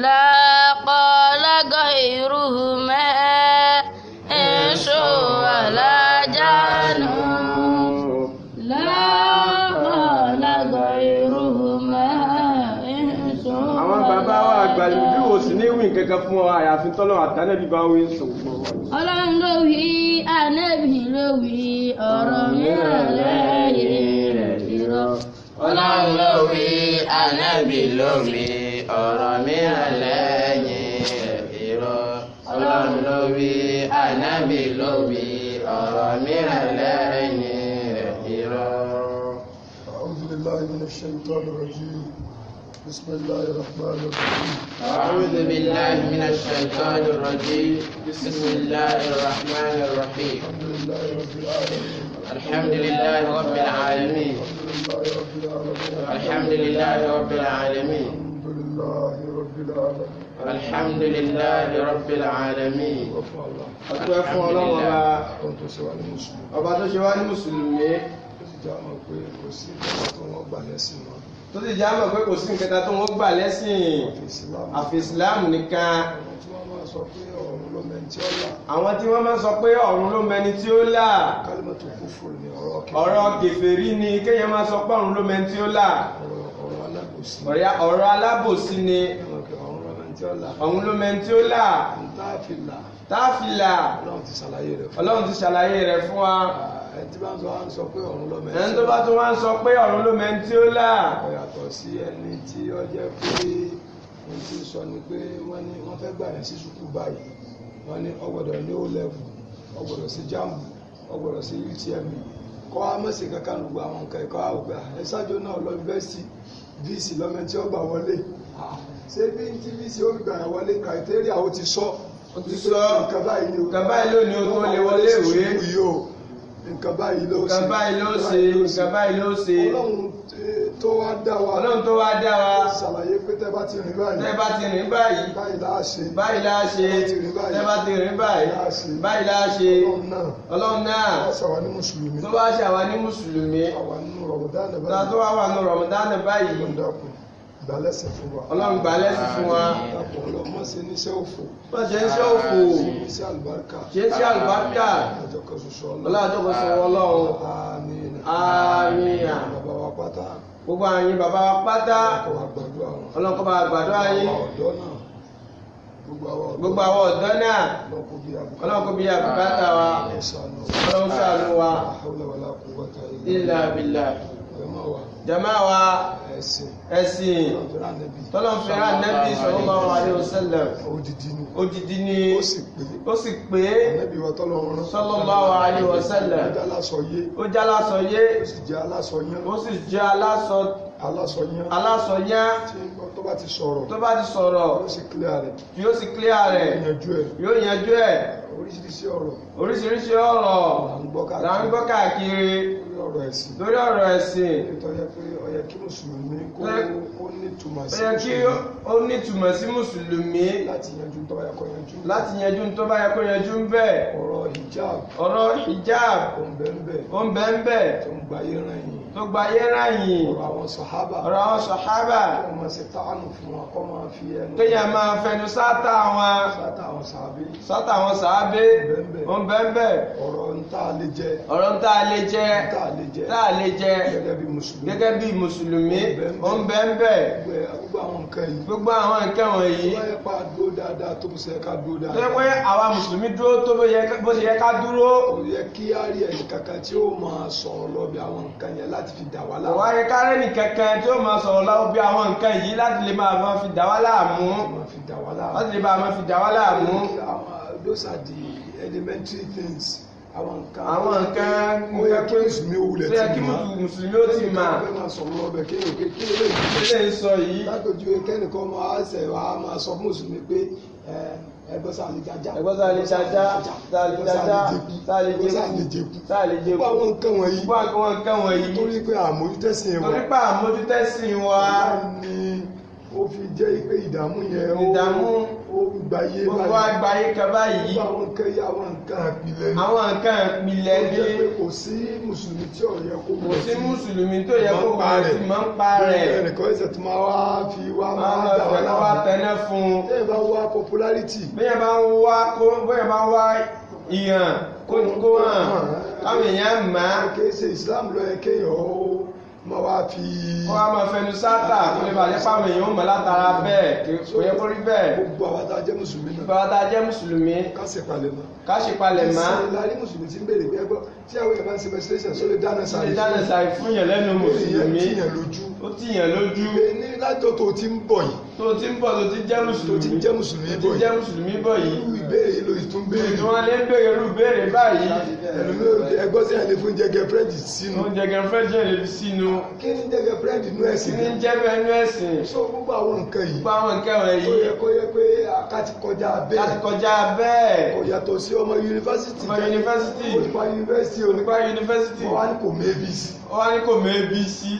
لا قال غيرهما إيش ولا جانب لا قال غيرهما إيش àwọn bàbá wa àgbà ìlú ò sì ní wí kankan fún ọ àyàfi tọ́lọ́ àtànẹ́bí bá wí sọ̀rọ̀. ọlọ́run ló wí ànẹ́bí ló wí ọ̀rọ̀ mìíràn lẹ́yìn rẹ̀ irọ́. ọlọ́run ló wí ànẹ́bí ló wí ọ̀rọ̀ mìíràn lẹ́yìn irọ́ ọlọ́run ló wí ànábì ló wí ọ̀rọ̀ mìíràn lẹ́yìn irọ́. أعوذ بالله من الشيطان الرجيم بسم الله الرحمن الرحيم أعوذ بالله من الشيطان الرجيم بسم الله الرحمن الرحيم الحمد لله رب الحمد لله رب العالمين الحمد لله رب العالمين الحمد لله رب العالمين. ẹ̀fún ọlọ́run ọba tó ṣe wá ní mùsùlùmí ọba tó ṣe wá ní mùsùlùmí tó ti já mọ̀ pé kò sí ìkẹta tó wọ́n gbà lẹ́sìn mọ́ nìkan àwọn tí wọ́n máa sọ pé ọ̀run ló mẹni tí ó là ọ̀rọ̀ kèfèrí ni kéèyàn máa sọ pé ọ̀run ló mẹni tí ó là ọ̀rọ̀ alábòsí ni tí ó là. òun ló mẹ́ni tí ó là. táàfìlà. táàfìlà. ọlọ́run ti ṣàlàyé rẹ̀ fún wa. ọlọ́run ti ṣàlàyé rẹ̀ fún wa. Ah, ẹni tí bá ń sọ pé ọ̀run ló mẹ́ni tí ó là. ẹni tó bá tún wá ń sọ pé ọ̀run ló mẹ́ni tí ó là. ọ̀yàtọ̀ sí ẹni tí ó jẹ́ pé ohun tí sọ ni pé wọ́n ní wọ́n fẹ́ gbà yẹn sí sùkúù báyìí wọ́n ní ọgbọ̀dọ̀ ní ó lẹ́fù ọgbọ̀dọ̀ sí jáàmù ọgbọ̀dọ̀ sí utm e. kọ́ a mọ̀sí kankan lùgbò àwọn nǹkan ẹ̀kọ́ àwògbà ah, ẹ̀ náà lọ yunifásitì bíìsì lọ́mọ tí ó gbà wọlé ah ṣé bí tvc olùgbà wọlé kàìtẹ́rì àwọn ti sọ ti sọ nǹkan báyìí ni o tó lè wọlé ìwé nǹkan báyìí ló ṣe nǹkan báyìí ló ṣe nǹkan báyìí ló ṣe eh, ọlọ́run tó wá dá wa ṣàlàyé pé tẹ́ bá ti rìn báyìí tẹ́ bá ti rìn báyìí báyìí láà ṣe tẹ́ bá ti rìn báyìí báyìí láà ṣe ọlọ́run náà tó wá ṣàwa ní mùsùlùmí tó wá wà ní rọ̀mọ̀dánù báyìí gbà lẹ́sìn fún wa. ọlọ́run gbà lẹ́sìn fún wa. dàpọ̀ ọlọ́run má ṣe níṣẹ́ òfò. má ṣe níṣẹ́ òfò. ṣe níṣẹ́ àlùbáríkà. ṣe níṣẹ́ àlùbáríkà. ọlọ́jọ́kọ̀ ṣoṣo ọlọ́run. ọlọ́jọ́kọ̀ ṣoṣo ọlọ́run. àmín. àmín. bàbá wa pátá. gbogbo àyìn bàbá wa pátá. ọlọ́kọ̀ bá gbàdúrà yín. gbogbo àwọn ọ̀dọ́ náà. ọlọ́kọ̀ bí àbùkátà wa. ọlọ́run ṣàánú wa. ilà bìlà. jama wa ẹ̀sìn ẹ̀sìn tọ́lọ́mfẹ́rẹ́ ànábì sallallahu alaihi wasallam odidi ni ó sì pé sallallahu alaihi wasallam ó jẹ́ alásọyé ó sì jẹ́ alásọyé alásọyán alásọyán tó bá ti sọ̀rọ̀ tó bá ti sọ̀rọ̀ yóò sì clear rẹ̀ yóò sì clear rẹ̀ yóò yanjú ẹ̀ oríṣiríṣi ọ̀rọ̀ oríṣiríṣi ọ̀rọ̀ là ń gbọ́ káàkiri lórí ọ̀rọ̀ ẹ̀sìn lórí ọ̀rọ̀ ẹ̀sìn kí mùsùlùmí kó nítumọ̀ sí. ó yẹ kí ó nítumọ̀ sí mùsùlùmí. láti yanjú tó bá yẹ kó yanjú. láti yanjú tó bá yẹ kó yanjú ń bẹ̀. ọ̀rọ̀ hijab. ọ̀rọ̀ hijab. ó ń bẹ ń bẹ. ó ń bẹ ń bẹ. tó ń gbayé rán yìí tó gba ayé ráyìn ọ̀rọ̀ àwọn sàhábà ọ̀rọ̀ àwọn sàhábà kó máa ṣe táànù fún wọn kó máa fi ẹnu kéèyàn máa fẹnu sátà wọn sátà àwọn sàábé sátà àwọn sàábé wọn bẹ́ẹ̀nbẹ́ ọ̀rọ̀ ntá lè jẹ ọ̀rọ̀ ntá lè jẹ ntá lè jẹ gẹ́gẹ́ bí mùsùlùmí gẹ́gẹ́ bí gbogbo àwọn nǹkan wọ̀nyí tó pé àwa mùsùlùmí dúró tó bó ṣe yẹ ká dúró. kò yẹ kí á rí ẹnì kankan tí ó máa sọ̀rọ̀ lọ bí àwọn nǹkan yẹn lá láti fi dà wá láàmú. wàá rí kárẹ́nì kankan tí ó máa sọ̀rọ̀ láwọ́ bí àwọn nǹkan yìí láti lè máa fi dà wá láàmú. láti lè máa fi dà wá láàmú. those are the elementary things. àwọn nǹkan àwọn nǹkan ó yẹ kí mùsùlùmí ó wulẹ̀ tí ma mùsùlùmí ó ti ma. ó máa sọ wọn ọbẹ̀ kéèyàn kéèyàn lè. sọ yìí. lákòjú kẹ́nìkan máa ṣẹ̀ wá máa sọ mùsùlùmí pé ẹgbẹ́sà lè jaja ẹgbẹ́sà lè jaja tá lè jaja tá lè jẹku ẹgbẹ́sà lè jẹku tá lè jẹku gbogbo àwọn nǹkan wọ̀nyí gbogbo àwọn nǹkan wọ̀nyí torí pé àmójútẹ́sìn wa torí pé àmójútẹ́sìn wa ni ó fi jẹ́ pé ìdààmú yẹn ó ìdààmú olùgbàyé báyìí gbogbo àgbáyé kan báyìí àwọn nǹkan yìí àwọn nǹkan àpilẹ̀ ni àwọn nǹkan àpilẹ̀ ni ó jẹ́ pé kò sí mùsùlùmí tí ò yẹ kó bọ́ sí kò sí mùsùlùmí tó yẹ kó bọ́ sí máa ń pa rẹ̀ ẹnìkan ẹsẹ̀ tó máa wá fi wá máa dà wá láwọn wá tẹná fún un bẹ́ẹ̀ bá wá popularity bẹ́ẹ̀ bá wá kó bẹ́ẹ̀ bá wá ìyàn kó kó hàn káwọn èèyàn máa. kì í ṣe Islam ló yẹ kéèyàn ó mọ wá fi. wọ́n á máa fẹnu sáta kó lè bàjẹ́ pàmò èèyàn ó mọ̀ látara bẹ́ẹ̀ kò yẹ kó rí bẹ́ẹ̀. gbogbo àwọn tá a jẹ́ mùsùlùmí náà. gbogbo àwọn tá a jẹ́ mùsùlùmí. ká ṣe palẹ̀ mọ́. ká ṣe palẹ̀ mọ́. ẹsẹ̀ la ní mùsùlùmí ti ń béèrè pé ẹgbọ́n tí àwọn yàrá ń ṣe mẹsílẹ̀ṣẹ̀ sólè dáná sáré fún yẹn lẹ́nu mùsùlùmí ó ti yàn lójú. ní lájọ tó ti ń bọ̀ yìí. tó ti ń bọ̀ tó ti jẹ́ mùsùlùmí. tó ti jẹ́ mùsùlùmí bọ̀ yìí. tó ti jẹ́ mùsùlùmí bọ̀ yìí. irú ìbéèrè ló ti tún béèrè. tí wọ́n lé ń béèrè irú ìbéèrè báyìí. ẹgbọ́n sí àlè fún jẹgẹ fúrẹ́ǹdì sínú. fún jẹgẹ fúrẹ́ǹdì lè fi sínú. kí ni jẹgẹ fúrẹ́ǹdì nú ẹ̀sìn. kí ni jẹgẹ nú ẹ̀sìn. so gbogbo àwọn nǹkan yìí. gbogbo àwọn nǹkan yìí. tó yẹ kó yẹ pé ká ti kọjá bẹ́ẹ̀. ká ti kọjá bẹ́ẹ̀. kò yàtọ̀ sí ọmọ yunifásitì. ọmọ yunifásitì. olùkọ́ yunifásitì. olùkọ́ yunifásitì. wọ́n á ní kò mé bí sí. wọ́n á ní kò mé bí sí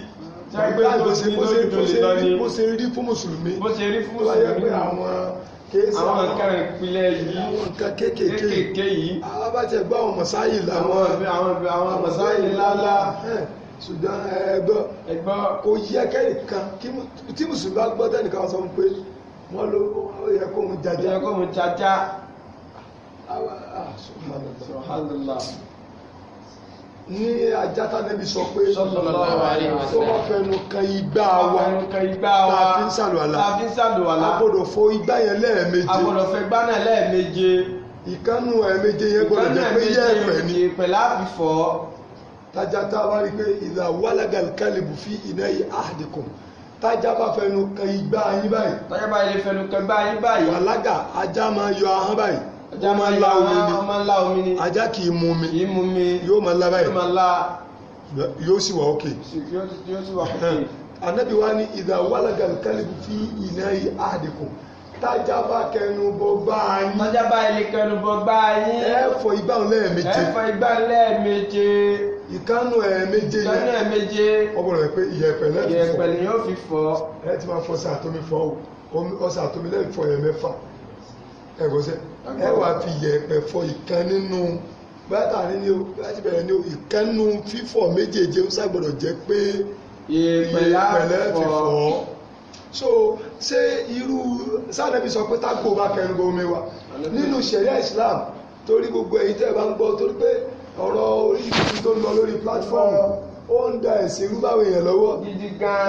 pé bó ṣe bó ṣe bó ṣe bó ṣe rí fún mùsùlùmí bó ṣe rí fún mùsùlùmí tó yẹ pé àwọn kéésì àwọn nǹkan ìpìlẹ̀ yìí àwọn nǹkan kéékèèké yìí alábàjẹ́ gbọ́ àwọn mọ̀sáyì làwọn àwọn mọ̀sáyì lálá ṣùgbọ́n ẹgbọ́ kò yẹ kẹ́nìkan tí mùsùlùmí bá gbọ́ tẹ́nìkan sọ pé wọ́n ló yẹ kó mu jaja. yẹ kó mu jaja. subhanallah ní ajátá nẹ́bí sọ pé tó bá fẹnu kan igbá wa tàbí sàlùwàlà agbọ́dọ̀ fọ igbá yẹn lẹ́ẹ̀méje agbọ́dọ̀ fọ igbá náà lẹ́ẹ̀méje ìkánú ẹ̀ẹ̀méje yẹn gbọ́dọ̀ jẹ́ pé yẹ́ ẹ̀pẹ̀ ni pẹ̀lú àfìfọ́ tajata wá rí pé ìlà wàlágàlìkàlìbù fi iná yìí àdìkùn tájá bá fẹnu kan igbá yín báyìí tájá bá fẹnu kan igbá yín báyìí wàlágà ajá máa yọ ahọ́n báyìí ajá máa la omi ni ajá kì í mu mi yóò máa la báyìí yóò sì wà òkè anabi wa ni ìdá wàlágà kálíbi fi iná yìí àdìkùn tájábá kẹnubọ gbá yín. tájábá ilé kẹnubọ gbá yín. ẹ fọ igbá lẹ́ẹ̀méje. ẹ fọ igbá lẹ́ẹ̀méje. ìkánú ẹ̀ẹ̀méje yẹn. ìkánú ẹ̀ẹ̀méje. ọgbọ́n rẹ̀ pé ìyẹ̀pẹ̀ lẹ́ẹ̀fọ̀. ni yóò fi fọ. ẹ ti máa fọ sàtómi fọ o ọsàtómi lẹ́ẹ̀fọ̀ yẹn ẹ̀kọ́sẹ́ ẹ wà fi yẹ̀pẹ̀ fọ ìkan nínú gbàtà nínú láti bẹ̀rẹ̀ ní ìkan nínú fífọ̀ méjèèjì ó ṣàgbọ́dọ̀ jẹ́ pé yẹ̀pẹ̀lẹ́ fi fọ̀ so ṣé irú sádẹ́bí sọ pé tágbò bá kẹrin gbomi wa nínú ṣẹ̀ríà Islam torí gbogbo èyí tẹ́ bá ń gbọ́ torí pé ọ̀rọ̀ oríṣiríṣi tó ń lọ lórí platform ó ń da ẹ̀sìn irú báwọn èèyàn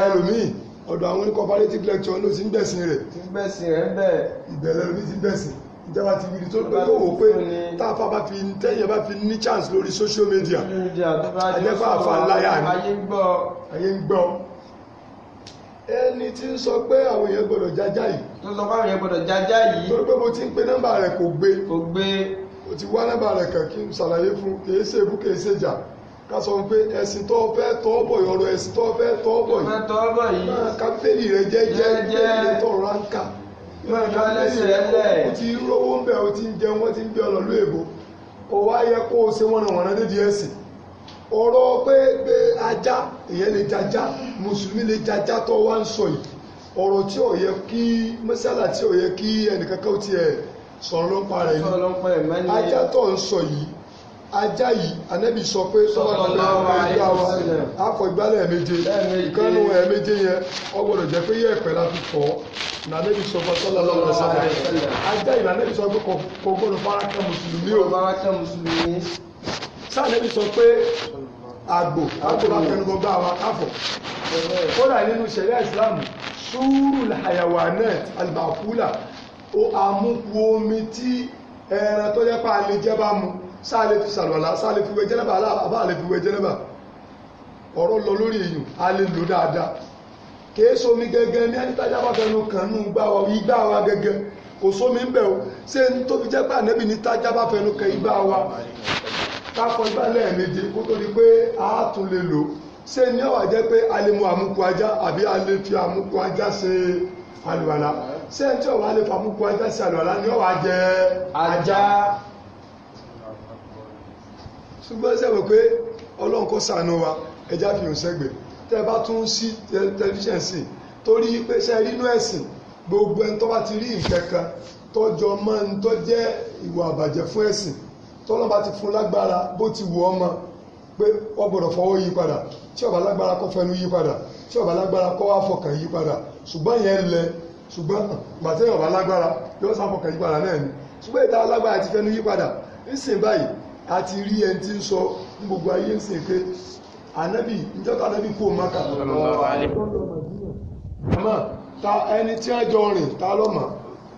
ẹlòmíì ọ̀dọ̀ àwọn ní cooperative lecture ló ti ń gbẹ̀sìn rẹ̀ ti ń gbẹ̀sìn rẹ̀ bẹ́ẹ̀ ìbẹ̀rẹ̀ ló ti ń gbẹ̀sìn ìjọba ti gidi tó pé tó wò pé táàfà bá fi tẹ́yìn bá fi ní chance lórí social media àjẹpá àfa ńláyà ni ayé ń gbọ́ ẹni tí ń sọ pé àwọn èèyàn gbọ́dọ̀ jájá yìí tó sọ pé àwọn èèyàn gbọ́dọ̀ jájá yìí tó pé mo ti ń pe nọ́mbà rẹ̀ kò gbé kò gbé mo ti wá nọ́mbà rẹ̀ kàn kí n ṣàlàyé fún kèé ṣe èébú kèé ṣe jà ká sọ pé ẹ̀sìn tó fẹ́ tọ́ bọ̀ yìí ọ̀rọ̀ ẹ̀sìn tó fẹ́ tọ́ bọ̀ yìí máa ka bíbélì rẹ jẹ́jẹ́ bíbélì rẹ ránkà máa ka bíbélì rẹ kọ́ ti rówó ń bẹ̀ o ti ń jẹun wọ́n ti ń gbé ọ lọ́lú èbó o wá yẹ kó o ṣe wọ́n wọ́n dédìí ẹ̀sìn ọ̀rọ̀ pé pé ajá èyẹ lè jajá mùsùlùmí lè jajá tó wá ń sọ yìí ọ̀rọ̀ tí ò yẹ kí mọ́sálà tí ò yẹ kí ẹnìkankan tiẹ̀ sọ̀rọ̀ ló ń yìí ajá tó ń sọ yìí ajá yìí anabi sọ pé sọ́wọ́n náà lọ́wọ́ ẹ̀yà wa afọ ìgbálẹ̀ ẹ̀méje kánú ẹ̀méje yẹn ó gbọ́dọ̀ jẹ́ pé yẹ̀pẹ̀ la fi fọ́ nànẹ́bí sọ fún sọ́lá lọ́wọ́ ẹ̀sẹ̀ ajá yìí nànẹ́bí sọ pé kò gbọ́dọ̀ faraka mùsùlùmí o sànẹ́bí sọ pé àgbò àgbò bá fẹnu gbọ́ bá wa káfọ̀ kódà nínú ṣẹ̀ríà ìsìlámù sùúrù àyàwó náà àlùbáfúlà ó amúkú omi tí ẹran tó yẹ pa àlejẹ́ bá mu. sáà lè fi sàlùwàlá sáà ọ̀rọ̀ lọ lórí èèyàn a lè lò dáadáa kìí sómi gẹ́gẹ́ ní ẹnìtajà bá kàn nù igbá wa gẹ́gẹ́ kò sómi ń bẹ̀ o ṣé n jẹ́ pé ní tájà bá kàn igbá wa káfọ́ igbá lẹ́ẹ̀mejì kó pé a tún ní ọ̀wà jẹ́ pé a lè ṣùgbọ́n ṣe wẹ̀ pé ọlọ́run kó sànú wa ẹja fi hàn sẹ́gbẹ̀ tẹ́ bá tún sí tẹlifíṣàn sí torí pé ṣe rínú ẹ̀sìn gbogbo ẹni tó bá ti rí nǹkan kan tọ́jọ mọ́ ní jẹ́ ìwà àbàjẹ́ fún ẹ̀sìn tọ́lọ́ bá ti fún lágbára bó ti wù ọmọ pé wọ́n gbọ́dọ̀ fọwọ́ yí padà tí lágbára fẹnu yí padà tí lágbára wá fọkàn yí padà ṣùgbọ́n lẹ ṣùgbọ́n yí a ti rí ẹni tí ń sọ ní gbogbo ayé ń sè pé ànábì níjọ́ta ànábì kú òun máka àmọ́ a jọ rìn ta lọ́mọ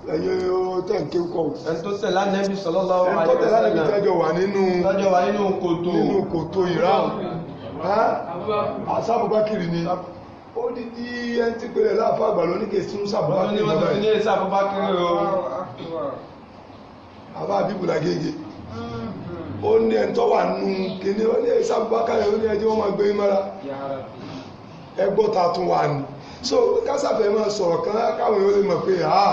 ẹ̀yin tẹ̀ǹké kọ́. ẹni tó tẹ̀lé ànábì sallallahu alaihi wasallam ẹni tó tẹ̀lé ànábì tẹ́jọ wà nínú tẹ́jọ wà nínú kòtò nínú kòtò ìran àsábùbákiri ni ó di di ẹni tí pèrè láàfáà àgbà lóní kè sínú sábùbákiri ó ní ẹni tó wà nù kíní ó ní ẹ̀sà bùbákàrẹ̀ ó ní ẹjẹ́ wọn máa gbé mọ́ra ẹgbọ́ ta tún wà ní so kásàfẹ́ máa sọ̀rọ̀ kan káwọn èèyàn lè mọ̀ pé ha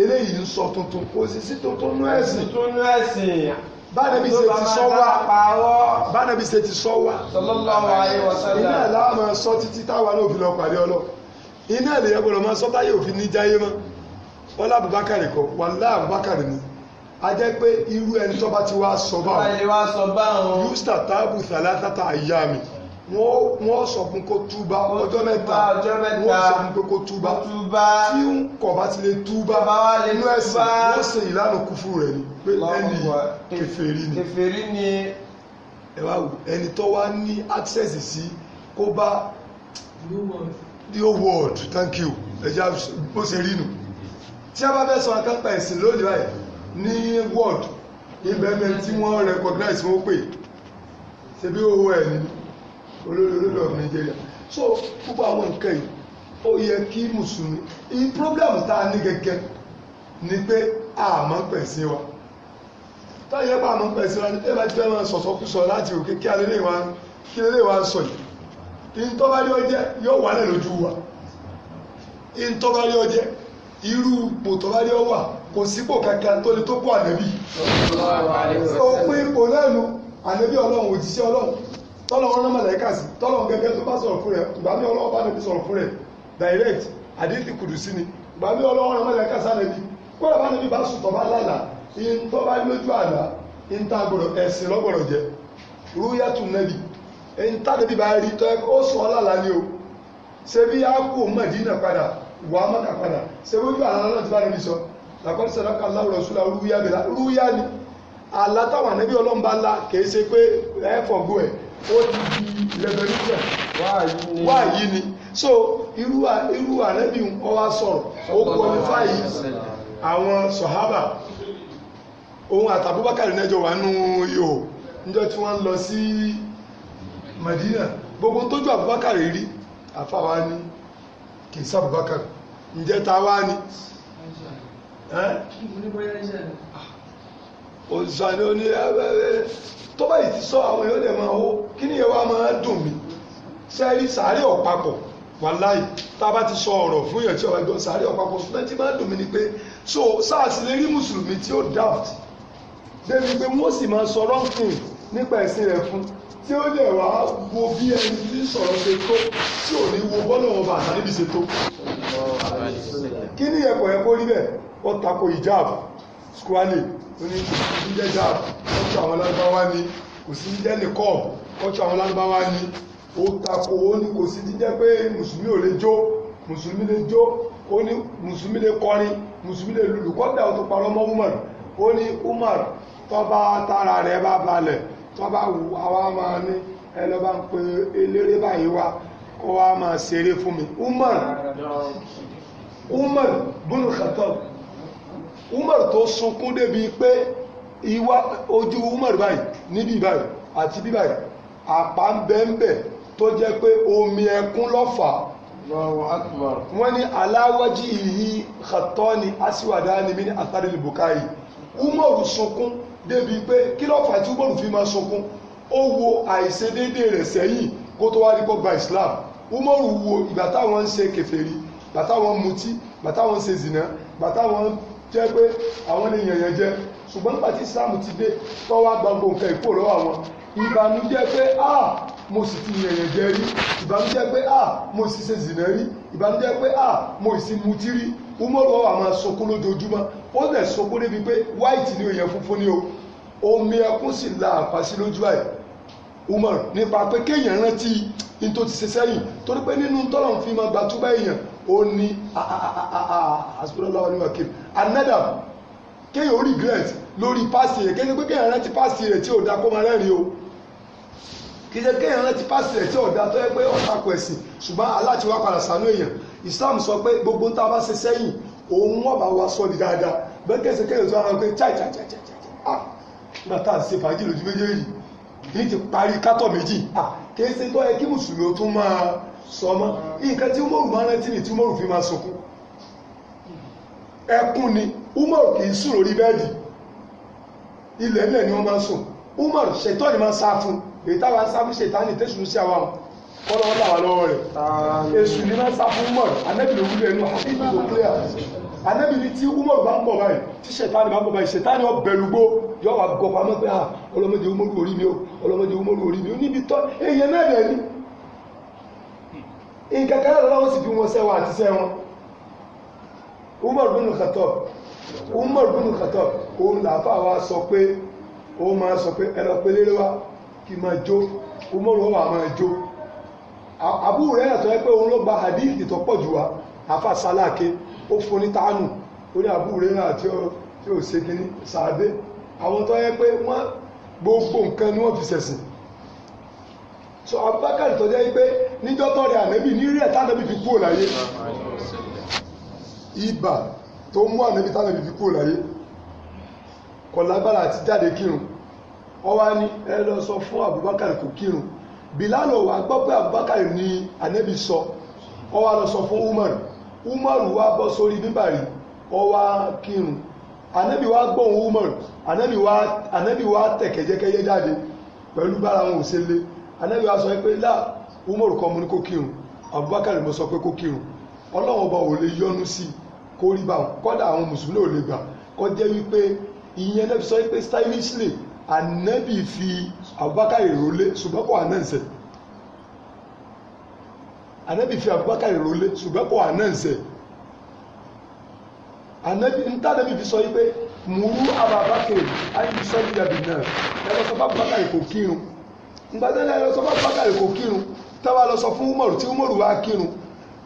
eléyìí ń sọ tuntun kò sí sí tuntun nú ẹ̀sìn tuntun nú ẹ̀sìn bánàbí ṣe ti sọ wá bánàbí ṣe ti sọ wá iná làwọn máa sọ títí táwa náà òfin lọ pàdé ọlọ iná lè yẹ gbọ́dọ̀ máa sọ táyé òfin níjáyé mọ́ wọn lábùbákàrẹ̀ kọ wà láàbùbákàrẹ̀ ni a jẹ́ pé irú ẹni tó bá ti wá sọ báwọn yústa táàbù sàlátàtà àyà mi wọ́n sọ fún kó túbá ọjọ́ mẹ́ta wọ́n sọ fún pé kó túbá tí ń kọ̀ bá ti lè túbá inú ẹ̀sìn wọ́n ṣe ìlànà kúfù rẹ̀ ni pé ẹni kèfèrí ni ẹ wá wò ẹni tó wá ní access sí kó bá the world thank you ẹ jẹ́ bó ṣe rí nu tí a bá fẹ́ sọ akápá ẹ̀sìn lónìí báyìí ní world ibẹ̀ mẹ́ tí wọ́n recognize wọ́n pè ṣe bí owó ẹ̀ ní Nigeria so púpọ̀ àwọn nǹkan yìí ó yẹ kí mùsùlùmí in problem tá a ní gẹ́gẹ́ ni pé àmọ́ pẹ̀sìn wa táyẹ̀ wa ní tẹ́lẹ̀ tí wọ́n sọ̀sọ́kúsọ láti òkè kí alẹ́ wa kí lélẹ́ wa sọ yìí ìntọ́ba rí ọjẹ́ yóò lójú wa kò sípò kankan tó lè tó pọ̀ ànẹ́bí òpin ipò lẹ́nu ànẹ́bí ọlọ́run òjíṣẹ́ ọlọ́run tọ́lọ́run náà mọ̀lẹ́kà sí gẹ́gẹ́ tó bá sọ̀rọ̀ fún rẹ̀ ìgbà mí ọlọ́run bá nẹ́bí sọ̀rọ̀ fún rẹ̀ direct àdéhìí kùdù sí ni ìgbà mí ọlọ́run bá lálà bá lójú àlá ẹ̀sìn lọ́gbọ̀dọ̀ rúyàtù nẹ́bí nẹ́bí o ṣe bí a kò lakɔli sɛlɛ kala ɔlɔsula ɔluya bi la ala tawọn anabi ɔlɔnba la kese pe ɛfɔbu yɛ odi di lɛbɛli tɛ yi ni so iruwa iruwa anabi ɔwa sɔrɔ o kɔlifayi awọn sɔhaba ohun atabubakari n'ɛjɔ wa nu yi o njɛ ti wọn lɔ si madina gbogbo ntoju abubakari ri afa wa kisa kesa abubakari njɛ ta wa òsàn ó ní abẹ́rẹ́ tó bá yìí ti sọ àwọn èèyàn lè máa hó kí ni ìyẹn wá máa dùn mí sẹ́rí sàárẹ̀ ọ̀pápọ̀ wàláì tá a bá ti sọ ọ̀rọ̀ fún èèyàn tí ọ̀rọ̀ ẹgbẹ́ sàárẹ̀ ọ̀pápọ̀ ṣùgbọ́n tí máa dùn mí ni pé so sars lè rí mùsùlùmí tí ó doubt débi pé wọ́n sì máa sọ wrong thing nípa ẹ̀sìn rẹ̀ fún tí ó lè wá wo bí ẹni tí sọ̀rọ̀ ṣe tó tí ò ní wo bọ́lọ̀ kí ni ẹ̀kọ́ yẹn kó rí bẹ́ẹ̀ ó tako ìjáàbù squally ó ní kò sí jẹ́ jáàbù kọ́tù àwọn lárúbáwá ni kò sí jẹ́ nìkọ́ọ̀bù kọ́tù àwọn lárúbáwá ni ó tako ó ní kò sí jíjẹ́ pé mùsùlùmí ò lè jó mùsùlùmí lè jó ó ní mùsùlùmí lè kọrin mùsùlùmí lè lùlù kọ́dà ó tó parọ́ mọ́ Umar ó ní Umar tó bá tára rẹ̀ bá balẹ̀ tó bá wù àwa máa ní ẹ lọ ń pe eléré báyìí wá kó wá máa ṣeré fún mi Umar Umar bùnú Khattab Umar tó sunkún débi pé ìwà ojú Umar báyìí níbí báyìí àti bí báyìí àpá ń bẹ ń bẹ tó jẹ́ pé omi ẹkún lọ́fà wọ́n ní aláwájú ìhí Khattab ni aṣíwádá ni mí ní àtàrí ìbùkáyì Umar sunkún débi pé kí lọ́fà tí Umar fi máa sunkún ó wo àìṣedéédé rẹ̀ sẹ́yìn kó tó wá rí kó gba Islam Umar wo ìgbà táwọn ń ṣe kèfèrí bàtà wọn mutí bàtà wọn ṣe zìnà bàtà wọn jẹ́ pé àwọn lè yànyàn jẹ ṣùgbọ́n nígbà tí Islam ti dé tọ́wọ́ gbogbo nǹkan ìkó lọ́wọ́ àwọn ìbànújẹ́ pé a mo sì ti yànyàn jẹ rí ìbànújẹ́ pé a mo sì ṣe zìnà rí ìbànújẹ́ pé a mo sì mutí rí umaru ọwọ́ àwọn sọkó lójoojúmọ́ ó lẹ̀ sọkó débi pé white ni òyìn funfun ni o omi ẹkún sì la àpàṣí lójú àyè umaru nípa pé kéèyàn rántí ní tó ti ṣe sẹ́yìn torí pé nínú tọ́lọ̀ ń fi máa gbàtúbà èèyàn ó ní àsìkòlọ́wọ́ ní wàkìlì anadam kéèyàn ó regret lórí pàṣẹ rẹ̀ kéèyàn pé kéèyàn rántí pàṣẹ rẹ̀ tí ò da kó máa rẹ́rìn o kì í ṣe kéèyàn rántí pàṣẹ rẹ̀ tí ò da tó yẹ pé ọ̀tá kò ẹ̀sìn ṣùgbọ́n aláti wá padà sànú èèyàn Islam sọ pé gbogbo ń tá a bá ṣe sẹ́yìn òun wọ́n bá wa sọ di dáadáa bẹ́ẹ̀ kẹ́sẹ̀ kéèyàn tó ara pé chai chai chai chai chai ah nígbà tá à ń ṣe fàájì lójú méjèèjì kì í ti parí kátọ̀ méjì ah kì í ṣe tó yẹ kí mùsùlùmí ó tún máa sọmọ nǹkan tí umaru máa rántí ni tí umaru fi máa sunkún ẹkún ni umaru kì í sùn lórí bẹ́ẹ̀dì ilẹ̀ ilẹ̀ ni wọ́n máa ń sùn umaru ṣètọ́ ni máa ń sá fún èyí táwa sá fún ṣètánì tẹ̀sùn sí àwa kọ́lọ́wọ́ làwà lọ́wọ́ rẹ̀ èṣù ni máa ń sá fún umaru anẹ́bì ló wúlò ẹnu àti ìgbò clear anẹ́bì ni tí umaru bá ń bọ̀ báyìí tí ṣètánì bá ń bọ̀ báyìí ṣètánì ọ bẹ̀rùgbó yọ wà gọ̀pamọ́ pé ah, ọlọ́mọdé umaru orí mi ó ọlọ́mọdé umaru orí mi ó níbi tọ́ èèyàn náà dẹ̀ nǹkan kan náà lọ́wọ́ sì bí wọn sẹ́wọ̀n àti sẹ́wọ̀n Umar bin Khattab Umar bin Khattab òun làáfà wa sọ pé òun máa sọ pé ẹ̀rọ pélére wa kì máa jó Umar wa, máa jó àbúrò pé òun ló gba pọ̀ jù wa àfà ó tánù ó ní àbúrò náà tí ó sàádé àwọn tó yẹ pé gbogbo nǹkan ni fi so abubakar tó jẹ́ pé níjọ́ tọ́rẹ ànẹ́bì ní rí ẹ̀ tánẹ́bì fi kúrò láyé ibà tó mú ànẹ́bì tánẹ́bì fi kúrò láyé kò lágbára àti jáde kírun ó ni ní ẹ lọ sọ fún abubakar kò kírun bilal wá gbọ́ pé abubakar ni ànẹ́bì sọ ó lọ sọ fún umar umar wà bọ́ sórí bíbàrí ó wá kírun ànẹ́bì wá gbóhùn umar ànẹ́bì wà tẹ̀kẹ̀jẹ́kẹ́yẹ́ jáde pẹ̀lú bára wọn ò ṣe lé anábì wa sọ pé láà umar kọ́ mu ní kó kírun abubakar mo sọ pé kó kírun ọlọ́run ọba ò lè yọnu sí i kó rí bá wọn kọ́dà àwọn mùsùlùmí ò lè gbà kọ́ jẹ́ wípé ìyẹn náà sọ pé stylishly anábì fi abubakar rólé ṣùgbọ́n kò ànáǹsẹ̀ anábì fi abubakar rólé ṣùgbọ́n kò ànáǹsẹ̀ anábì ntànàbì fi sọ wípé mùrú ababakar ayé sọ́jà bìnnà ẹ̀rọ sọ́kà abubakar kò kírun ìgbàdánilẹ̀ lọ sọ fún bákàrẹ̀ kò kírun táwa lọ sọ fún umaru tí umaru wá kírun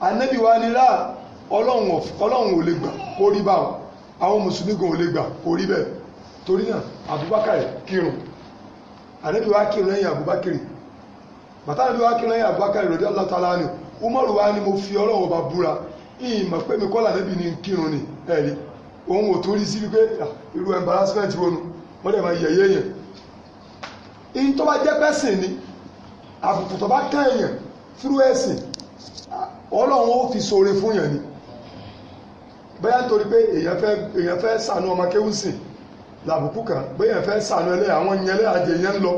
anabi wa ni rà ọlọ́run ò lè gbà kó rí báwọn àwọn mùsùlùmí gan ò lè gbà kó torí náà abubakar kírun anabi wa kírun lẹ́yìn abubakar bàtà anabi wa kírun lẹ́yìn abubakar rẹ̀ Allah ta'ala ni umaru wa ni mo fi ọlọ́run ọba búra ìmọ̀ pé mi kọ́lá anabi ni kírun ni ẹ̀rí òun ò torí sí wípé ah, irú embarrassment wọnú wọ́n dẹ̀ máa yẹ̀yẹ́ yẹn in tó bá jẹ́ pẹ́sìn ni àbùkù tó bá kàn èèyàn fúrú ẹ̀sìn ọlọ́run ó fi ṣoore fún yàn ni bóyá nítorí pé èèyàn fẹ́ èèyàn fẹ́ sànú ọmọ kéwùsìn làbùkù kan bóyá èèyàn fẹ́ sànú ẹlẹ́yà àwọn ìyẹn ẹlẹ́yà jẹ ìyẹn ń lọ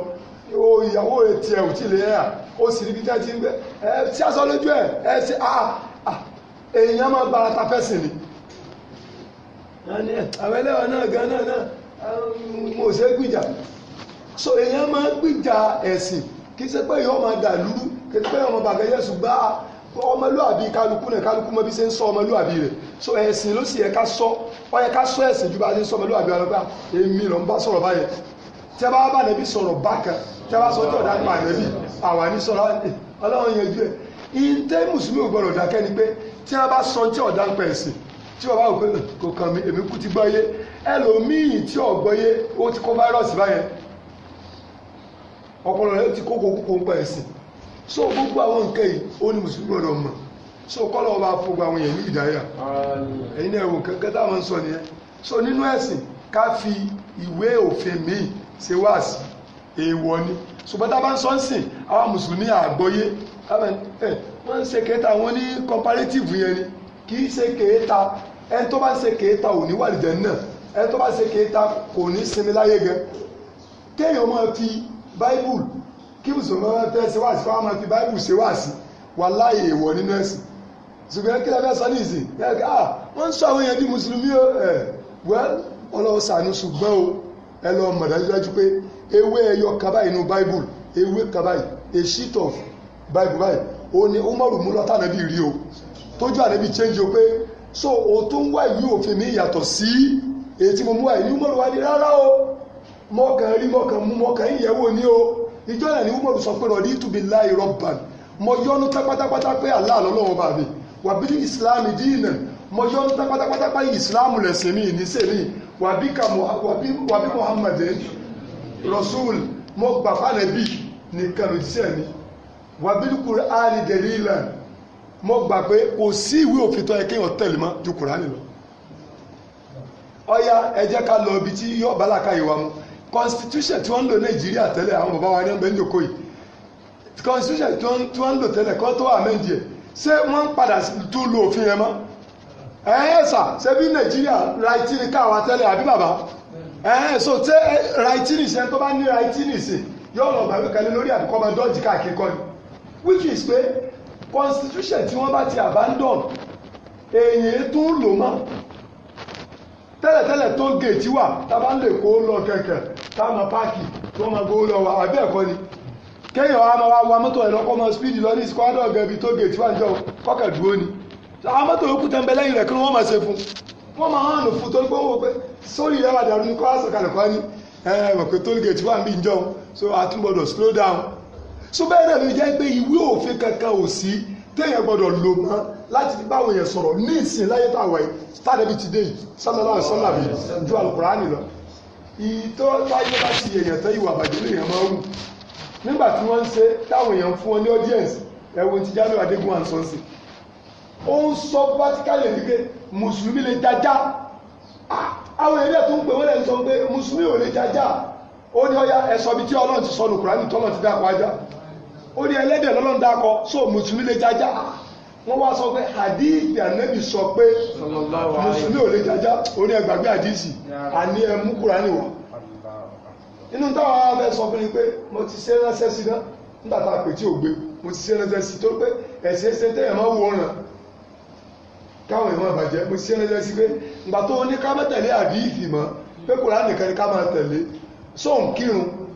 ó ìyàwó etí ẹ̀ ò tí lè yà ó sì níbi tẹ́tí ń bẹ ẹ tí a lójú ẹ ẹ ṣe a èèyàn máa gbára ta fẹ́sìn ni. àwọn ẹlẹ́wọ̀n náà gan náà náà mo ṣe é gbìjà so èèyàn máa gbìjà ẹ̀sìn kì í ṣe pé yóò máa dà lúrú kì í ṣe pé yóò máa bàgẹ́ yẹ̀sùn gbá ọmọlúàbí kálukú náà kálukú mọ́ bí ṣe ń sọ ọmọlúàbí rẹ̀ so ẹ̀sìn ló sì yẹ ká sọ ọ yẹ ká sọ ẹ̀sìn ju bá ṣe ń sọ ọmọlúàbí wa lọ́gbà èmi ló ń bá sọ̀rọ̀ báyẹn tẹ́ bá bá nẹ́bí sọ̀rọ̀ bákan tẹ́ bá sọ ọjọ́ ọ̀dà nípa nẹ́bí àwa ní sọ̀rọ̀ eh, ọlọ́run yẹn ju ẹ̀ ìtẹ́ mùsùlùmí ò gbọ́dọ̀ dákẹ́ ni pé tí wọ́n bá sọ tí ọ̀dà ń pẹ̀ ẹ̀sìn tí bàbá òpin kò kàn mí èmi kú ti gbọ́yé ẹlòmíì tí ọ̀gbọ́yé ó ti kó fáírọ́ọ̀sì báyẹn ọpọlọ rẹ ti kókó kókó ń pa ẹ̀sìn so gbogbo àwọn nǹkan yìí ó ní mùsùlùmí gbọ́dọ̀ mọ̀ so kọ́lọ̀ ọba fún àwọn èèyàn ní ìdáyà ẹ̀yin náà ẹ̀wọ̀n kankan tá ń sọ nìyẹn so nínú ẹ̀sìn ká fi ìwé òfin míì ṣe wá sí èèwọ̀ ni ṣùgbọ́n tá a bá ń sọ ń sìn àwọn mùsùlùmí àgbọ́yé wọ́n ń ṣe kẹta wọn ní comparative yẹn ni kì í ṣe kẹta ẹni tó bá ń ṣe kẹta ò ní wàlìjẹ náà ẹni tó bá ń ṣe kẹta kò ní sinmi láyé gan kéèyàn máa fi Bible, kí mùsùlùmí máa fẹ́ ṣe wáàsí fáwọn máa fi báíbùlù ṣe wáàsí wà láàyè èèwọ̀ nínú ẹ̀sìn ṣùgbọ́n kí lẹ́fẹ́ sọ nísìn ah, wọ́n ń sọ àwọn èèyàn di mùsùlùmí o ẹ̀ wẹ́l ọlọ́wọ́ sànú ṣùgbọ́n o ẹ lọ mọ̀ dájúdájú pé ewé ẹyọ kaba inú báíbùlù ewé kaba a sheet of Bible, báyìí ó ní Umaru mulata lọ́tà náà bí rí o tójú ànábì change o pé so o tó ń wá ìwé òfin mi yàtọ̀ sí èyí tí mo mú wá ìwé Umaru wá rárá o mọ́kàn rí mọ́kàn mú mọ́kàn ìyẹ̀wò ní o ìjọ náà ni umaru sọ pé rọ̀dí ìtúbi láì mo yọ́nú tán pé Allah lọ́wọ́ bá mi wàbí ìsìláàmù dínà mo yọ́nú tán pé ìsìláàmù lẹ̀sìn mi mi wàbí Muhammad rasul nìkan mi mọ gbà pé kò ìwé òfin tó yẹ kéèyàn lọ ẹ ká lọ ibi tí constitution tí wọ́n ń lò nàìjíríà tẹ́lẹ̀ àwọn bàbá wa ní ọmọ ìjòkó yìí constitution tí wọ́n ń lò tẹ́lẹ̀ kọ́ tó wà méjì ẹ̀ ṣé wọ́n ń padà tún lo òfin yẹn mọ́ ẹ̀ẹ́n sà ṣé bí nàìjíríà raitini káwa tẹ́lẹ̀ àbí bàbá ẹ̀ẹ́n so ṣé raitini ṣe tó bá ní raitini sí yóò lọ gbàgbé kalẹ̀ lórí àbíkọ́ ọmọ dọ́ọ̀jì káàkiri kọ́ ni which is pé constitution tí wọ́n bá ti abandon èèyàn tó ń lò mọ́ tẹ́lẹ̀tẹ́lẹ̀ toll gate wà tábà ń lè kó lọ kẹ̀kẹ́ táwọn páàkì tí wọ́n máa gbowó lọ wa àbẹ́ ẹ̀kọ́ ni kéèyàn wa máa wa mọ́tò ẹ̀rọ kọ́ mọ́ speed lọ ní squadron gẹ̀bi toll gate wà níjọ́ kọ́kẹ́ dúró ni àwọn mọ́tò yòókù tẹ́ ń bẹ lẹ́yìn rẹ̀ kí wọ́n máa ṣe fún wọ́n máa hàn fún torí pé wọ́n pé sórí ìyára dàrú ni kọ́ àṣọkalẹ̀ kọ́ ni ẹ̀ẹ́dẹ̀mọ̀ pé toll gate wà ń bí níjọ́ so àtúngbọ̀dọ̀ slow down so bẹ́ẹ̀ náà ló jẹ́ pé ìwé òfin kankan ò sí téèyàn gbọ́dọ̀ lò mọ́ láti fi báwọn èèyàn sọ̀rọ̀ ní ìsìn láyé táwọn ẹ̀ tàdébí ti dé yìí sallallahu alaihi wasallam ju alukurani lọ ìtọ́ láyé bá ti èèyàn tẹ́ ìwà àbàjẹ́ lèèyàn máa ń wù nígbà tí wọ́n ń ṣe táwọn èèyàn fún wọn ní audience ẹ̀wọ̀n ti jálò adégún àǹsọ́nsì ó ń sọ pátíkálì wípé mùsùlùmí lè jajá àwọn èèyàn tó ń pè wọ́n lẹ́nu sọ pé mùsùlùmí ò lè jajá ó ní ọya ẹ̀sọ́ bíi tí ọlọ́run ti sọ nù kúránì tọ́lọ́ ti dá àpájá o ní ẹlẹ́dẹ̀ lọ́lọ́run so mùsùlùmí lè jájá wọ́n wá sọ pé àdíìsì ànẹ́bì sọ pé mùsùlùmí ò lè jájá ní ẹgbàgbé àdíìsì àní ẹmú kúránì wá inú táwọn sọ fún mi pé mo ti ṣe ránṣẹ́ sí náà nígbà tá a pè tí ò gbé mo ti ṣe ránṣẹ́ sí tó pé ẹ̀sẹ̀ ṣe tẹ́ ẹ̀ máa káwọn ìbàjẹ́ mo ti ṣe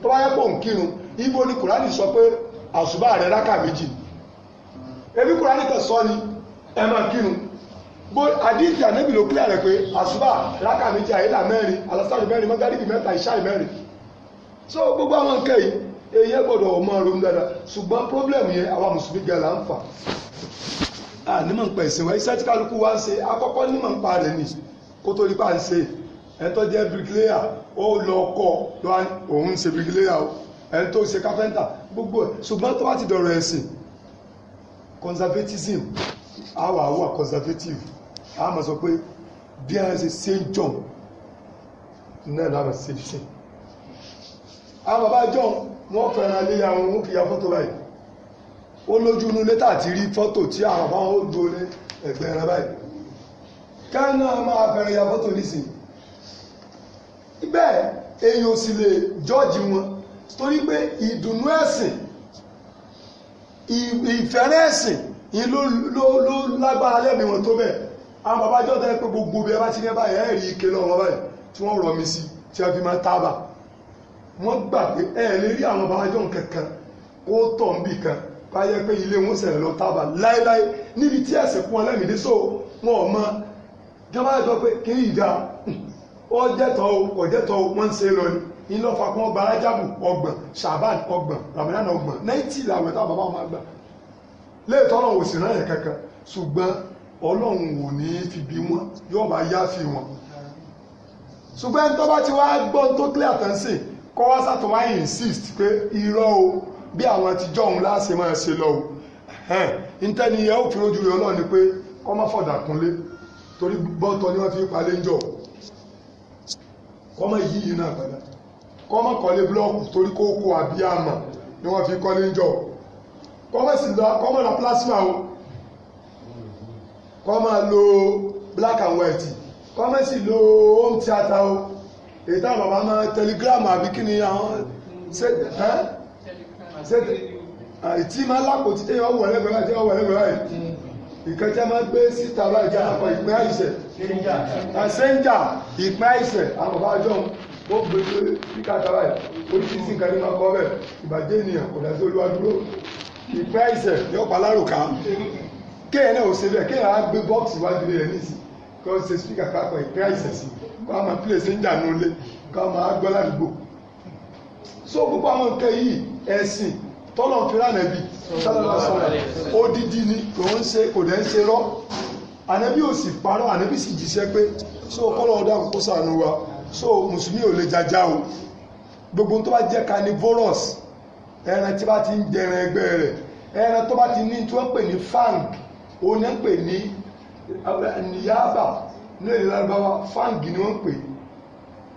ránṣẹ́ ibo ni kùránì sọ àṣùbà rẹ̀ rákà méjì ebi kùránì kan sọ ni ẹ máa kírun bó àdìsí ànábì ló kílẹ̀ rẹ̀ pé àṣùbà rákà méjì àyílà mẹ́rin alásàrì mẹ́rin mọ́gàdìbì mẹ́ta ìṣáì mẹ́rin so gbogbo àwọn nǹkan yìí èyí ẹ gbọ́dọ̀ ọmọ ronú dáadáa ṣùgbọ́n pọ́blẹ́mù yẹn àwa mùsùlùmí gan la ń fà á nímọ̀ ń pa ẹ̀sìn wa iṣẹ́ tí kálukú wa ń ṣe akọ́kọ́ nímọ̀ ń pa rẹ̀ nì kó tó rí pa ń ṣe ẹ̀ tó jẹ́ bíríkìlẹ́yà ó lọ kọ́ òun ń ṣe bíríkìlẹ́yà o ẹni tó ṣe kápẹ́ńtà gbogbo ẹ̀ ṣùgbọ́n tó bá ti dọ̀rọ̀ ẹ̀sìn conservatism àwa àwa conservative a máa sọ pé bí a ṣe ṣe ń jọ̀n náà lára ṣe ń sìn àwọn bàbá jọ̀n wọ́n fẹ́ràn lé àwọn ohun kìyà fọ́tò báyìí ó lójú inú létà ti rí fọ́tò tí àwọn bá wọn ó dúró lé ẹgbẹ́ ẹran báyìí káàná máa fẹ́ràn ya fọ́tò nísìnyí bẹ́ẹ̀ èyí ò sì lè jọ́ọ̀jì wọn torí pé ìdùnnú ẹ̀sìn ìfẹ́rẹ́ ẹ̀sìn yìí ló lágbára lẹ́mìí wọn tó bẹ́ẹ̀ àwọn bàbá jọ́ tẹ́ pé gbogbo bí ẹ bá ti ní báyìí ẹ̀rí ike lọ́wọ́ báyìí tí wọ́n rọ̀ mí sí tí a fi máa tábà wọ́n gbà pé ẹ lè rí àwọn bàbá jọ́ kankan kó tọ̀ ń bì kan báyẹ pé ilé wọn sẹ̀rẹ̀ lọ tábà láéláé níbi tí ẹ̀sìn fún ọlẹ́mìí dé so wọn ò mọ jọba jọ pé kí ìdá ó jẹ́tọ̀ o kò jẹ́tọ̀ o wọ́n ń ṣe lọ ni ńlọ́fà kún ọba alájàbù ọgbọ̀n shaban ọgbọ̀n ramadan ọgbọ̀n náìtì làwọn táwọn bàbá wọn gbà léètọ́ náà ò sì rán yẹn kankan ṣùgbọ́n ọlọ́run ò ní fi bí wọn yóò máa yá fi wọn ṣùgbọ́n ẹni tó bá ti wá gbọ́ tó clear àtẹ̀sìn kọ́ wá sàtọ̀ wá insist pé irọ́ o bí àwọn àtijọ́ òun láṣẹ máa ṣe lọ o ntẹ́ni ẹ ó fi ojú rẹ̀ ọlọ́run ni pé kọ́ má fọ̀dà kúnlé torí bọ́tọ̀ ni wọ́n fi palẹ́ o kọ́mọ̀ yìí náà padà kọ́mọ̀ kọ́lé blọ́ọ̀kù torí kó kó àbí àmà ni wọ́n fi kọ́lé ń jọ kọ́mọ̀ sì lọ kọ́mọ̀ la plasma o kọ́mọ̀ lo black and white kọ́mọ̀ sì lo home theatre o èyí táwọn bàbá máa telegram àbí kí ni àwọn ìtì máa lápò tí téèyàn wọ̀ lẹ́gbẹ̀ẹ́ báyìí téèyàn wọ̀ lẹ́gbẹ̀ẹ́ báyìí ìkẹ́tẹ́ máa gbé síta báyìí jáde àpọ̀ ìpín àìsẹ̀ ṣẹ́ńjà ìpín àìsẹ̀ àwọn bàbá àjọ ó gbé pé kíkà tara ẹ̀ oríṣiríṣi nǹkan ní máa kọ́ bẹ̀ ìbàjẹ́ ènìyàn kò dá sí olúwa dúró ìpín àìsẹ̀ yóò pa lárùkà kéèyàn náà ò ṣe bẹ́ẹ̀ kéèyàn á gbé bọ́ọ̀sì wájú ilé rẹ̀ nísì kó ṣe spíkà kápọ̀ ìpín àìsẹ̀ sí kó a máa pílẹ̀ ṣẹ́ńjà nù lé kó a máa gbọ́ ládùúgbò so púpọ̀ àwọn nǹkan yìí ẹ̀sìn tọ́lọ̀ fi ránà bí sálọ́lá sọ̀rọ̀ odidi ni kò ń ṣe kò dẹ́ ń ṣe rọ́ ànábì ò sì parọ́ ànábì sì jíṣẹ́ pé so kọ́lọ̀ ọ̀dà ń kó sànù wa so mùsùlùmí ò lè jajá o gbogbo tó bá jẹ́ carnivorous ẹran tí bá ti ń jẹran ẹgbẹ́ rẹ̀ ẹran tó bá ti ní tí wọ́n pè ní fang òun náà ń pè ní níyàbà ní èdè lárúbáwá fang ni wọ́n ń pè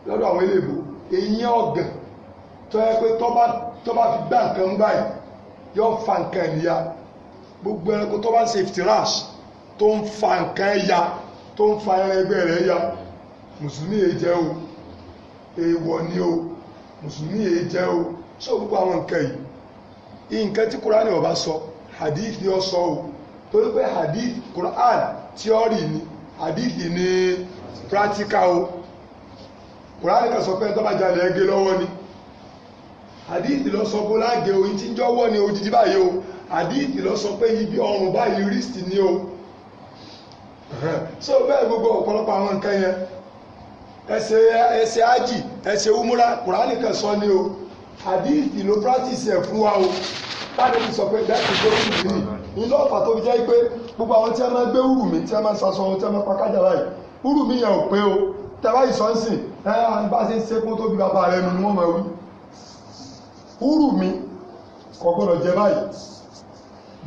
lọ́dọ̀ àwọn eléèbó eyín ọ̀gàn tó yẹ pé tó bá fi gbá nǹkan báyìí yóò fa nǹkan ìníyà gbogbo ẹranko tó bá ń ṣe iftirash tó ń fa nǹkan ya tó ń fa ẹran ẹgbẹ́ rẹ̀ ya mùsùlùmí èyí jẹ́ o èèwọ̀ ni o mùsùlùmí èyí jẹ́ o sọ gbogbo àwọn nǹkan yìí nǹkan tí kúránì ọba sọ hadith ni ó sọ o torí pé hadith quran tíọ́rì ni hadith ni practical o kùránì kan sọ pé ẹ̀tọ́ bá jalè ẹgbẹ́ lọ́wọ́ ni àdíìtì lọ sọ pé láàgẹ̀ oyin tí ń jọ́wọ́ ni odidi báyìí o àdíìtì lọ sọ pé ibi ọrùn báyìí rísì ni o so bẹ́ẹ̀ gbogbo ọ̀pọ̀lọpọ̀ àwọn nǹkan yẹn ẹsẹ̀ ẹsẹ̀ ájì ẹsẹ̀ umura kùránì kan sọ ni o àdìsí ló practice ẹ̀ fún wa o láti fi sọ pé dáàbò tó kù sí i iná ọ̀fà tó fi jẹ́ pé gbogbo àwọn tí a máa gbé wúrù mi tí a máa sasọ tí a máa pa kájà báyìí wúrù mi yẹn ò pé o tẹ́wá ìsọ́nsìn ẹ bá ṣe ń ṣe kó tóbi bàbá rẹ nu ni wọ́n máa wí wúrù mi kò gbọ́dọ̀ jẹ báyìí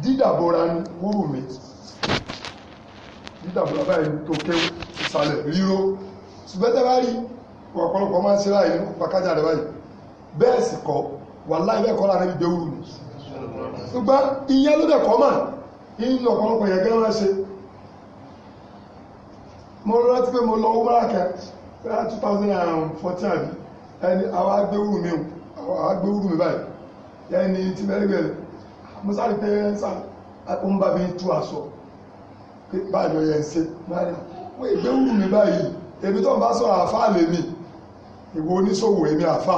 dídàbora ni wúrù mi nígbàgbọ́ báyìí tó kéwù ìsàlẹ̀ ríro ṣùgbọ́n tẹ́ bá rí ọ̀pọ̀lọpọ̀ máa ń ṣe láàyè ní pàkájà rẹ̀ báyìí bẹ́ẹ̀ sì kọ́ wà láì bẹ́ẹ̀ kọ́ láàrin ìgbé wúrù ṣùgbọ́n ìyẹn ló dẹ̀ kọ́ mà ìyìn ọ̀pọ̀lọpọ̀ yẹn gẹ́rẹ́ ṣe mo rántí pé mo lọ owó máràkà rárá 2014 àbí ẹni àwọn agbéwúrù mi àwọn agbéwúrù mi báyìí ẹni tí mẹ́rin bẹ̀rẹ̀ mo sáré pé ń bá mi tú aṣọ báyọ̀ yẹn ṣe wọ́n ìgbé wù mí báyìí èmi tó ń bá sọ̀rọ̀ àfa lèmi ìwọ oníṣòwò èmi àfa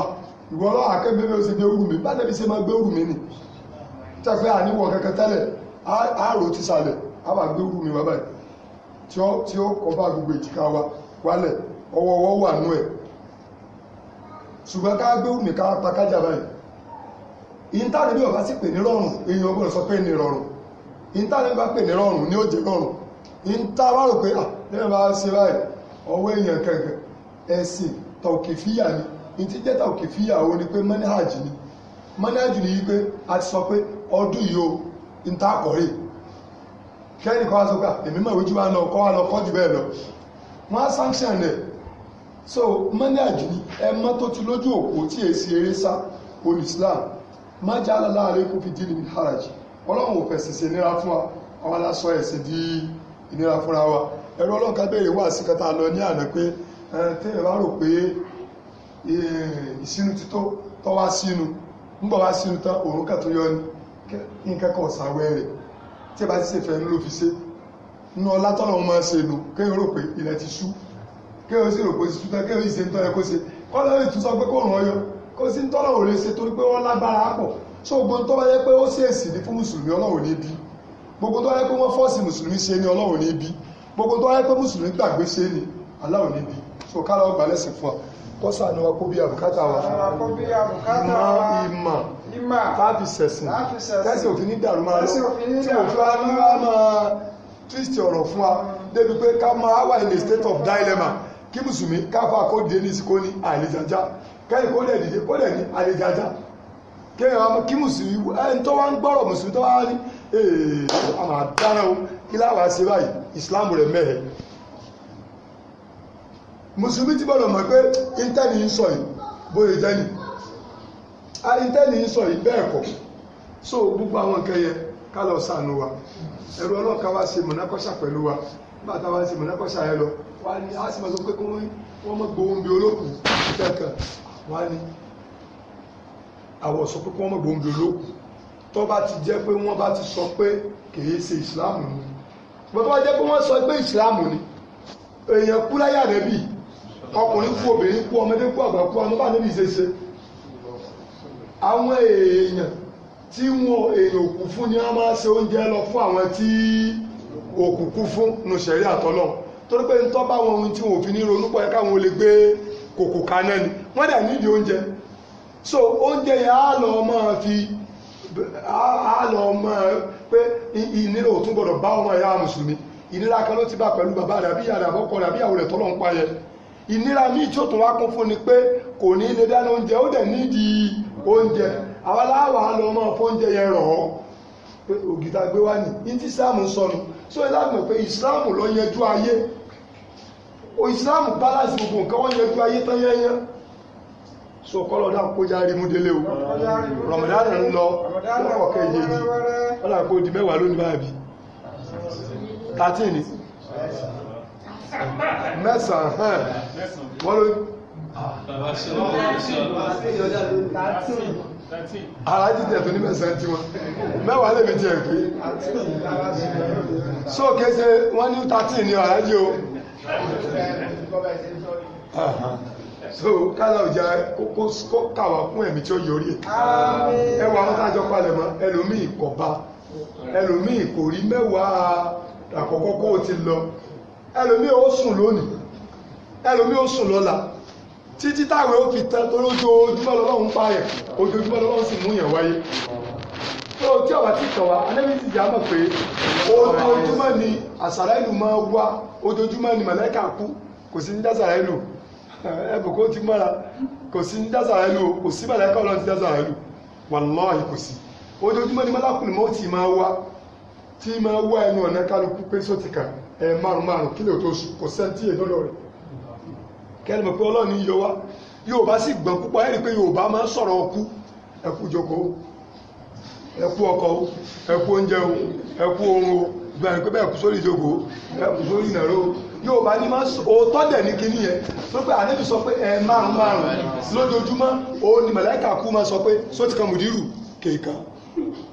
ìwọ ọlọ́wà akẹ́gbẹ́ mi ò sì gbé wù mí bá dẹ́bi ṣe máa gbé wù mí nì tẹ́pẹ́ àníwọ̀ kankan tẹ́lẹ̀ àárò ti sàlẹ̀ a wà gbé wù mí wá báyìí tí ó tí ó kọ́ bá gbogbo èjìká wa wálẹ̀ ọwọ́wọ́ wà nú ẹ̀ ṣùgbọ́n ká gbé wù mí ká pa kájà báyìí ìntànẹ́ bá pè ní rọrùn ní ó rọrùn ìntà bá rò pé àtẹ́yìn bá ṣe báyìí ọwọ́ èèyàn ẹ̀sìn tọkìfíyà ni ìtí jẹ́ tàùkìfíyà ó ní pé mọ́níhàjì ni mọ́níhàjì ni wípé sọ pé ọdún yìí kẹ́ni kọ́ èmi mọ̀ wa lọ wa lọ kọ́ so ni tó ti lójú òpó tí èsì eré sá fi ọlọ́run ò fẹ̀sìn sí ìnira fún wa àwọn aláṣọ ẹ̀sìn di ìnira fúnra wa ẹ̀rọ ọlọ́ka béèrè wà sí kata lọ ní àná pé tẹ́lẹ̀ bá rò pé ìsinú ti tó tọ́ wá sínú nígbà wá sínú tán òun kà tó yọ ní nǹkan kan ṣàwẹ́ rẹ̀ tí ẹ bá ti ṣe fẹ́ ló fi ṣe nínú ọlá tọ́lọ̀ wọn máa ṣe nù kéèyàn rò pé ilẹ̀ ti kó ṣe ń tọ́lọ̀ òun torí pé wọ́n lágbára pọ̀ so gbogbo tó bá yẹ pé ó ṣèèsì ní fún mùsùlùmí ọlọ́run níbi gbogbo tó bá yẹ pé wọ́n fọ́ọ̀sì mùsùlùmí ṣe ní ọlọ́run níbi gbogbo tó bá yẹ pé mùsùlùmí gbàgbé ṣe ní aláwọ̀ níbi so ká lọ́ọ́ gbalẹ́sìn fún wa kó sànù wa kó bí àbùkátà wa mọ ìmọ̀ táàbì sẹ̀sìn tẹ́sí òfin ní dàrú máa lọ tí òfin á ní wá máa twist ọ̀rọ̀ fún wa mm. débi pé ká máa wà in a state of dilemma kí mùsùlùmí káfà kó dé ní ìsìnkó ní àìlèjàjá kẹ́yìn kó lè dìde kó lè ní àìlèjàjá kéèyàn ọmọ kí mùsùlùmí ẹni tó wá ń gbọ́rọ̀ mùsùlùmí tó wá rí ee àmà dáná o kí láwa ṣe báyìí ìsìláàmù rẹ̀ mẹ́ẹ̀. mùsùlùmí ti gbọ́dọ̀ mọ̀ pé intanet ń sọ yìí bóyá jẹ́ni intanet ń sọ yìí bẹ́ẹ̀ kọ́ so gbogbo àwọn nǹkan yẹn ká lọ sànù wa ẹ̀rọ ọlọ́ọ̀ká wa ṣe mọ̀nàkọ́ṣà pẹ̀lú wa nígbà táwa ṣe mọ̀nàkọ́ṣà yẹn lọ wá àwọn sọ pé kí wọ́n mọ̀ gbòǹgbò lókù tó bá ti jẹ́ pé wọ́n bá ti sọ pé kìí ṣe ìsìláàmù ni bó tó bá jẹ́ pé wọ́n sọ pé ìsìláàmù ni èèyàn kú láyà rẹ̀ bì ọkùnrin kú obìnrin kú ọmọdé kú àgbà kú ọmọ bá níbi ìṣeṣe àwọn èèyàn tí wọn èèyàn òkú fún ni wọ́n máa ṣe oúnjẹ lọ fún àwọn tí òkú kú fún nù sẹ̀rí àtọ́lọ́run torí pé ń tọ́ bá wọn ohun tí wọn ò fi ní ronú pọ̀ yẹ káwọn olè gbé kòkò kaná ni wọ́n dà nídìí oúnjẹ so oúnjẹ yẹn á lọ máa fi á lọ máa pé ìnira ò tún gbọdọ̀ bá ọmọ ìyá mùsùlùmí ìnira kan ló ti bá pẹ̀lú bàbá rẹ̀ àbí ìyá rẹ̀ àbọ́kọ rẹ̀ àbí ìyàwó rẹ̀ tọ́lọ́ ń pa yẹn ìnira míì tí ó tún wá kún fún ni pé kò ní lè dáná oúnjẹ ó dẹ̀ nídìí oúnjẹ àwa láwà á lọ máa yẹn rọ̀ pé gbé wá ní ní Islam ń so pé Islam yẹjú ayé Islam balance gbogbo nǹkan wọ́n yẹjú ayé so kọlọ náà kó já rí mú délé o Ramadan ń lọ lọ́pọ̀ kẹjẹjì ọ̀là kó di mẹ́wàá lónìí báyìí 13 ni mẹ́sàn-án wọ́n ló ara jíjẹ tó ní mẹ́sàn-án tí wọ́n mẹ́wàá lè méjì ẹ̀ pé so kése wọ́n ní 13 ni ọ̀rá o so kálá òjá kó kàwá fún ẹ̀mí tí ó yọrí ẹ wà wọn tájọ palẹ̀ mọ́ ẹlòmíì kò bá ẹlòmíì kò rí mẹ́wàá àkọ́kọ́ kó o ti lọ ẹlòmíì ó sùn lónìí ẹlòmíì ó sùn lọ́la títí táwọn ó fi torí ojoojúmọ́ ojoojúmọ́ sì mú wáyé tó tí ti wá ti mọ̀ pé ojoojúmọ́ ni àsàrà ìlú máa wá ojoojúmọ́ ni ẹbùn eh, kó ti mọ́ra kò sí ní dáza ẹlú o kò sí bàlẹ́ ẹ̀ka ọlọ́run ti dáza ẹlú wàláhì kò sí ojoojúmọ́ ni mọ́lákùnrin mọ́ ti máa wá tí máa wá ẹnu ọ̀nà kálukú pé sóti ẹ eh, márùn márùn kí tó sùn kò sẹ́ńtì rẹ̀ kẹ́lẹ́ mọ̀ pé ọlọ́run yọ wá Yorùbá sì gbọ̀n púpọ̀ ẹ̀rí bẹ̀rẹ̀ pé bẹ́ẹ̀ kú sórí ìjókòó bẹ́ẹ̀ kú sórí ìnàró yóò bá ní máa òótọ́ dẹ̀ ní kinní yẹn tó pé ànábì sọ pé ẹ márùn márùn lójoojúmọ́ òun ni màláìkà kú máa sọ pé sóòtì kan mùdírù kèèkan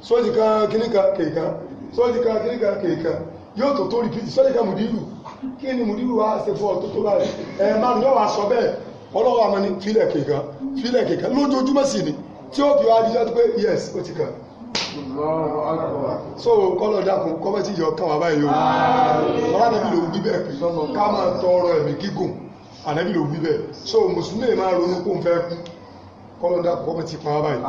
sóòtì kan kinní kan kèèkan sóòtì kan kinní kan kèèkan yóò tó tó rìpítì sóòtì kan mùdírù kí ni mùdírù wa ṣe fún ọ̀tọ̀ tó bá rẹ̀ ẹ márùn yóò wá sọ bẹ́ẹ̀ ọlọ́wọ́ àmọ́ ni fílẹ̀ kèèkan fílẹ̀ kèèkan lójoojúmọ́ sì ni tí ó fi wá yes ó ti so kọ́lọ̀ dàpọ̀ kọ́mẹ́tì yọ kàn wá báyìí o ọ̀rọ̀ àdàbí ló wí bẹ́ẹ̀ pé ká máa tọrọ ẹ̀mí gígùn àdàbí ló wí bẹ́ẹ̀ so mùsùlùmí máa ronú kó n fẹ́ kú kọ́lọ̀ dàpọ̀ kọ́mẹ́tì pa wá báyìí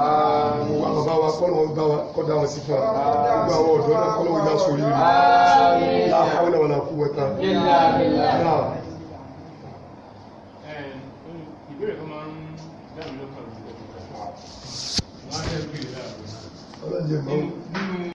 gbogbo àwọn bá wa kọ́lọ̀ wọn bá wa kọ́dà wọn sí fún wa gbogbo àwọn ọ̀dọ́ náà kọ́lọ̀ wọn yá sórí rẹ̀ láàárọ̀ náà wọn là kú wọ́ta. ìbéèrè kan Grande irmão.